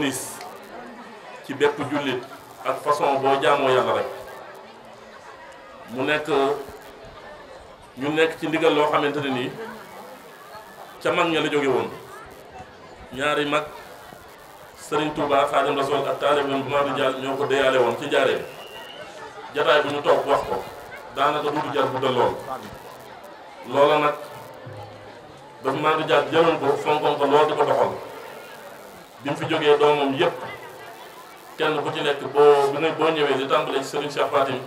bonus ci bépp jullit ak façon boo jaamoo mu nekk ñu nekk ci ndigal loo xamante ne nii ca mag ña la jóge woon ñaari mag Serigne Touba Xaadimu Rasuul ak taalibeem bu Maodo Diall ñoo ko deyaale woon ci jaaree jataay bu ñu toog wax ko daanaka duudu jar guddal lool loola nag dafa Maodo Diall jëloon ko fonkoon ko lool di ko bi mu fi jógee doomam yépp kenn ku ci nekk boo bi nga boo ñëwee di tàmbalee ci Serigne Cheikh Fatim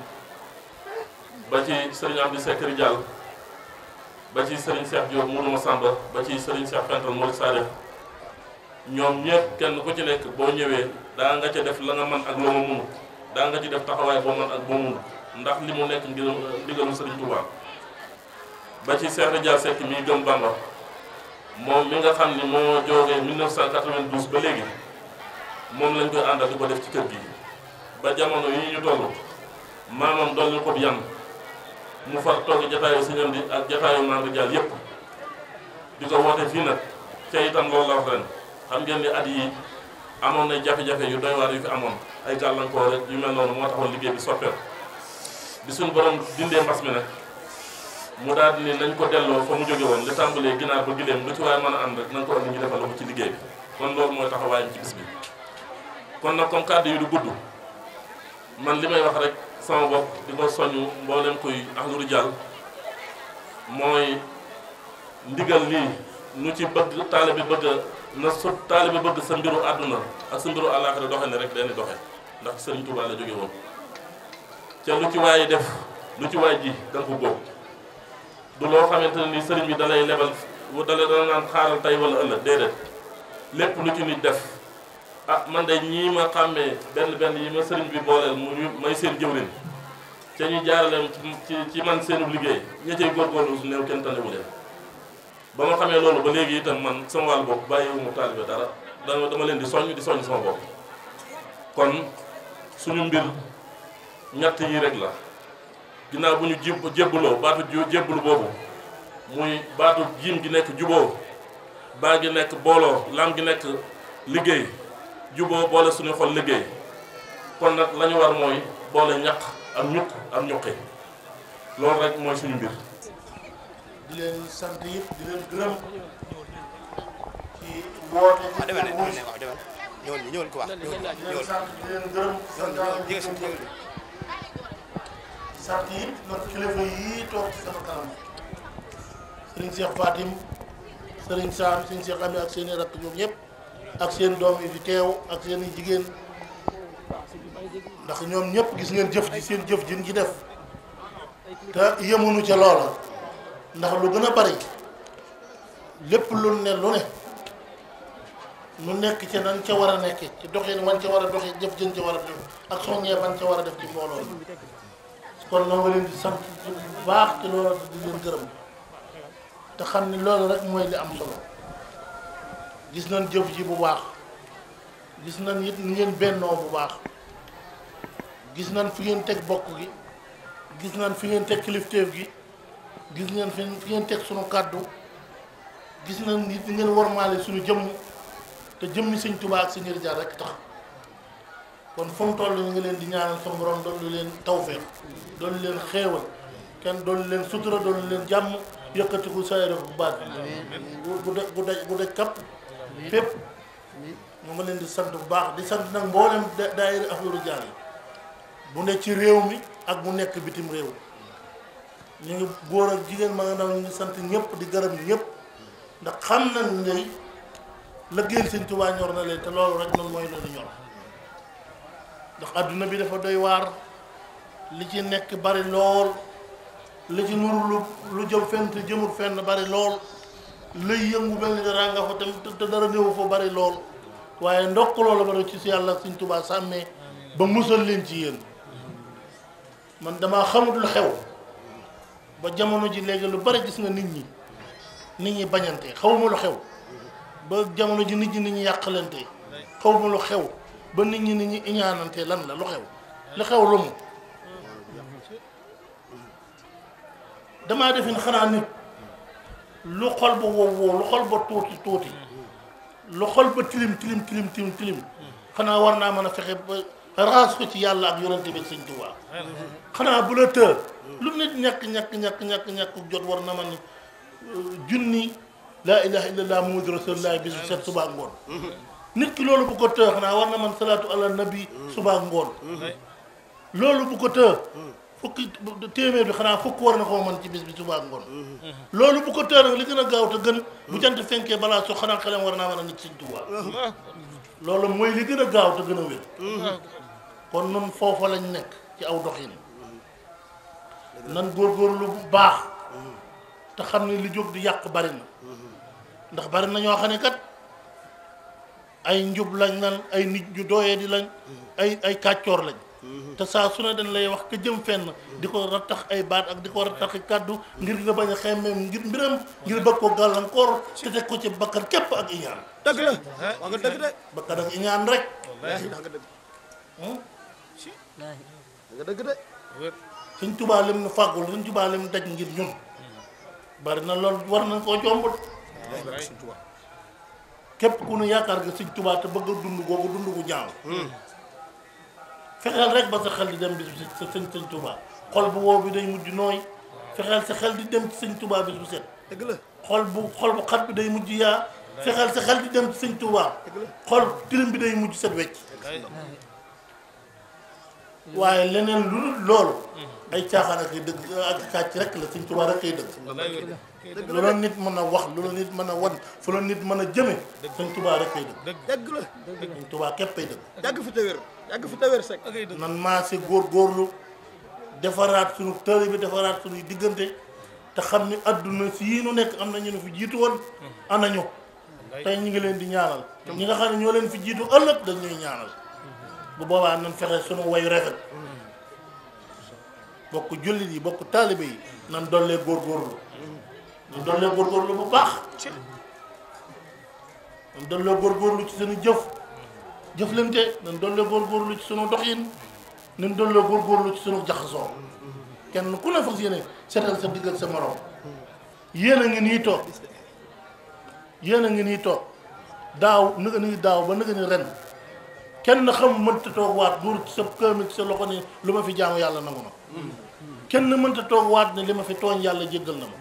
ba ci Serigne Amdi Sekri Diall ba ci Serigne Cheikh Diop Mourou Massamba ba ci Serigne Cheikh Fental Mourid ñoom ñëpp kenn ku ci nekk boo ñëwee daa nga ca def la nga mën ak loo ma mënut daa nga ci def taxawaay boo mën ak boo mënut ndax li mu nekk ndigalu Serigne Touba ba ci Cheikh Ridial Seck mii gëm Bamba moom mi nga xam ne moo joogee 1992 ba léegi moom lañ koy àndal di ko def ci kër gi ba jamono yi ñu toll maamam doon ñu ko yan mu far togg jataayu Sëñ Amdi ak jataayu Mame Ridial yépp di ko woote fii nag te itam loolu la wax xam ngeen ni at yi amoon na jafe-jafe yu doy waar yu fi amoon ay gàllankoor rek yu mel noonu moo taxoon liggéey bi soppeeku bi suñu borom dindee mbas mi nag mu daal ni nañ ko delloo fa mu jóge woon li tàmbalee ginaar ba gileem lu ci waaye mën a ànd rek nañ ko am ñu defal ko ci liggéey bi kon loolu mooy taxawaayam ci bis bi kon nag comme kàddu yi du gudd man li may wax rek sama bopp di ko soñu mboolem koy ahlu rijaal mooy ndigal lii nu ci bëgg bi bëgg na su bi bëgg sa mbiru àdduna ak sa mbiru àllaaxira doxe ne rek dañuy doxe ndax Sëriñ Tuubaa la jóge woon ca lu ci waaye def lu ci waay ji danga du loo xamante ne ni sëriñ bi dalay lebal dala dana naan xaaral tey wala ëllëg déedéet lépp lu ci nit def ah man de ñii ma xàmmee benn benn yi ma sëriñ bi booleel mu may seen jëwriñ ca ñu jaaraleem ci man seenu liggéey ña cay góorgóorlu su kenn tanewu ba ma xamee loolu ba léegi itam man sama wàll bopp bàyyiwuma taalibe dara dama dama leen di soññ di soññ sama bopp kon suñu mbir ñett yi rek la ginnaaw bu ñu jib jébbaloo baatu jébbalu boobu muy baatu jiim gi nekk juboo baa gi nekk booloo laam gi nekk liggéey juboo boole suñu xol liggéey kon nag lañu war mooy boole ñaq ak ñuq ak ñuqi loolu rek mooy suñu mbir di di leen sart yi nag kilifa yii toog ci sama kanam sëriñ Cheikh Fatim sëriñ Saam sëriñ Cheikh Ami ak seen i rakk ñoom ñëpp ak seen doom yi fi teew ak seen jigéen ndax ñoom ñëpp gis ngeen jëf ji seen jëf ji ci def te yemuñu ca loola ndax lu gën a bari lépp lu ne lu ne nu nekk ca nan ca war a nekke ci doxin wan ca war a doxee jëf jën ca war a def ak soññee ban ca war a def ci mbooloo kon la nga di sant bu baax ci loolu di leen gërëm te xam ni loolu rek mooy li am solo gis nañ jëf ji bu baax gis nañ it ngeen bennoo bu baax gis nañ fi ngeen teg bokk gi gis nañ fi ngeen teg kilifteef gi gis ngeen fi ngeen teg suñu kàddu gis nañ nit ngeen warmaale suñu jëmm te jëmmi sëñ Tuubaa ak sëñ Rijaal rek tax kon fu mu toll ñu ngi leen di ñaanal sama borom doon leen tawfeex doon leen xéewal kenn doon leen sutura doon leen jàmm yëkkatiku saa yore bu baax bu bu bu daj bu daj kapp fépp ñu ngi leen di sant bu baax di sant nag mboolem daayira Ahlul Rijaal bu ne ci réew mi ak bu nekk bitim réew ñu ngi góor ak jigéen ma nga ndaw ñu ngi sant ñëpp di gërëm ñëpp ndax xam nañ ne liggéeyal Sëñ Tuubaa ñor na leen te loolu rek noonu mooy loolu ñor. ndox àdduna bi dafa doy waar li ci nekk bari lool li ci nuru lu lu jëm fenn te jëmul fenn bari lool lay yëngu mel ni dara nga fa te dara néew fa bari lool waaye ndokk loola ma ci si yàlla suñ tubaa sàmmee ba musal leen ci yéen man damaa xamut lu xew ba jamono ji léegi lu bari gis nga nit ñi nit ñi bañante xaw ma lu xew ba jamono ji nit ñi nit ñi yàqalante xaw ma lu xew ba nit ñi nit ñi iñaanante lan la lu xew lu xew lu mu damaa defin xanaa nit lu xol ba wow wow lu xol ba tuuti tuuti lu xol ba tilim tilim tilim tilim tilim xanaa war naa mën a fexe ba ko ci yàlla ak yonente bi sëñ Tuubaa xanaa bu la tër lu nit ñàkk ñàkk ñàkk ñàkk ñàkk jot war na man junni laa ilaha illallah muhammadu rasulullah bis bu ngoon nit ki loolu bu ko tëx naa war na man salaatu ala nabi suba ak ngoon loolu bu ko tëx fukki téeméer bi xanaa fukk war na koo man ci bis bi suba ak ngoon loolu bu ko tëx nag li gën a gaaw te gën bu jant fenkee balaa a nit Sëñ Tuubaa loolu li gën gaaw te gën a wér kon nun foofa lañ nekk ci aw doxin nan góor bu baax te xam ne li jóg di yàq bari ndax bari na ñoo xam ne kat ay njub lañ na ay nit ñu dooyee di lañ ay ay kàccoor lañ mm-hmm. te saa su ne dañ lay wax ka jëm fenn di ko rattax ay baat ak di ko rattaxi kàddu ngir nga bañ a xemmeem ngir mbiram ngir bëgg ko gàllankoor te teg ko ci bakkan képp ak iñaan dëgg la waa nga dëgg de bakkan ak iñaan hmm? suñ tubaa lim nu fàggul suñ tubaa lim daj ngir ñun hmm. bari na lool war nañ koo jombul suñ képp ku nu yaakaar nga sëñ tubaa te bëgg a dund googu dund gu ñaaw fexeel rek ba sa xel di dem bis bu sa bu wow day mujj nooy fexeel sa xel di dem ci sëñ Tuubaa bis bu set dëgg la xol bu xol bu xat bi day mujj yaa fexeel sa xel di dem ci tubaa Tuubaa xol tilim bi day mujj set wecc waaye leneen lu loolu ay caaxaan ak dëgg ak kàcc rek la sëñ Tuubaa rek ay dëgg lu la nit mën a wax lu la nit mën a wan fu la nit mën a jëme sëñ Tuubaa rek kay dëgg dëgg la sëñ Tuubaa képp kay dëgg te wér yàgg fi te wér sek nan maa si góorgóorlu defaraat suñu tëri bi defaraat suñuy diggante te xam ni adduna si yii nu nekk am na ñu ne fi jiitu woon hmm. anañu tey ñu ngi leen di ñaanal hmm. ñi nga xam ne ñoo leen fi jiitu ëllëg dañ ñuy ñaanal hmm. bu boobaa nan fexe suñu wayu rafet bokk jullit yi bokk taalibe yi nan dollee góorgóorlu ñu doon góor góorgóorlu bu baax ñu doon góor góorgóorlu ci suñu jëf jëflante ñu doon la góorgóorlu ci suñu doxin ñu doon la góorgóorlu ci suñu jaxasoo kenn ku ne fas yéene seetal sa digg ak sa morom yéen a ngi nii toog yéen a ngi nii toog daaw nëga ni daaw ba nëga ni ren kenn xam mënta toog waat duur sa këmig sa loxo ne lu ma fi jaamu yàlla nangu na kenn mënta toog waat ne li ma fi tooñ yàlla jéggal na ma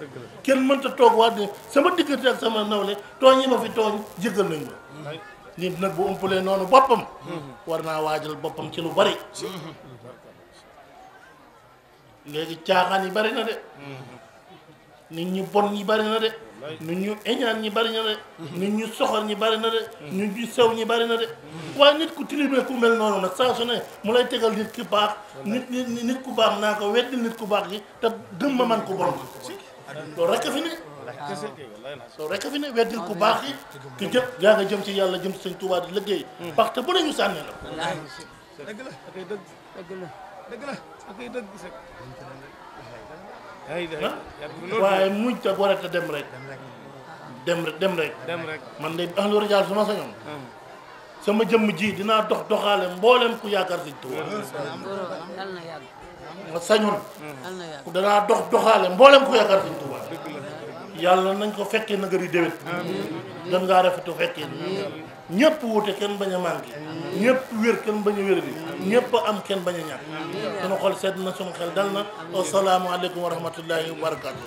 kenn mënta toog waat ne sama diggante ak sama nawle tooñ yi ma fi tooñ jéggal nañ ma nit nag bu umpalee noonu boppam war naa waajal boppam ci lu bari léegi caaxaan yi bari na de mm-hmm. nit ñi bon yi bari na de ñun ñu iñaan ñi bari na de ñun ñu soxor ñi bari na de ñun ñu sew ñi bari na de waaye nit ku tilimee ku mel noonu nag saa su ne mu lay tegal nit ki baax nit nit ku baax naa ko weddi nit ku baax gi te gëm ma man ku bon loolu rekk fi ne loolu rekk fi ne weddil ku baax yi ki jë yaa nga jëm ci yàlla jëm ci sëñ Tuubaa di liggéey parce que bu nañu sànni la dëgg la dëgg la dëgg la dëgg la waaye muñ ta boo rek dem rek dem rek dem rek man de ahlu rajaal su sañoon ah. sama jëm ji dinaa dox doxale mboolem ku yaakaar sëñ Tuubaa ah. danaa dox doxaale mboolem ku yaakaar sëñ Tuubaa yàlla nañ ko fekkee nagari déwén gën ngaa rafetu fekkee ñëpp wute kenn bañ a manqué ñëpp wér kenn bañ a wér bi ñëpp am kenn bañ a ñàkk sunu xol sedd na sunu xel dal na asalaamaaleykum wa rahmatullahi wa barakatu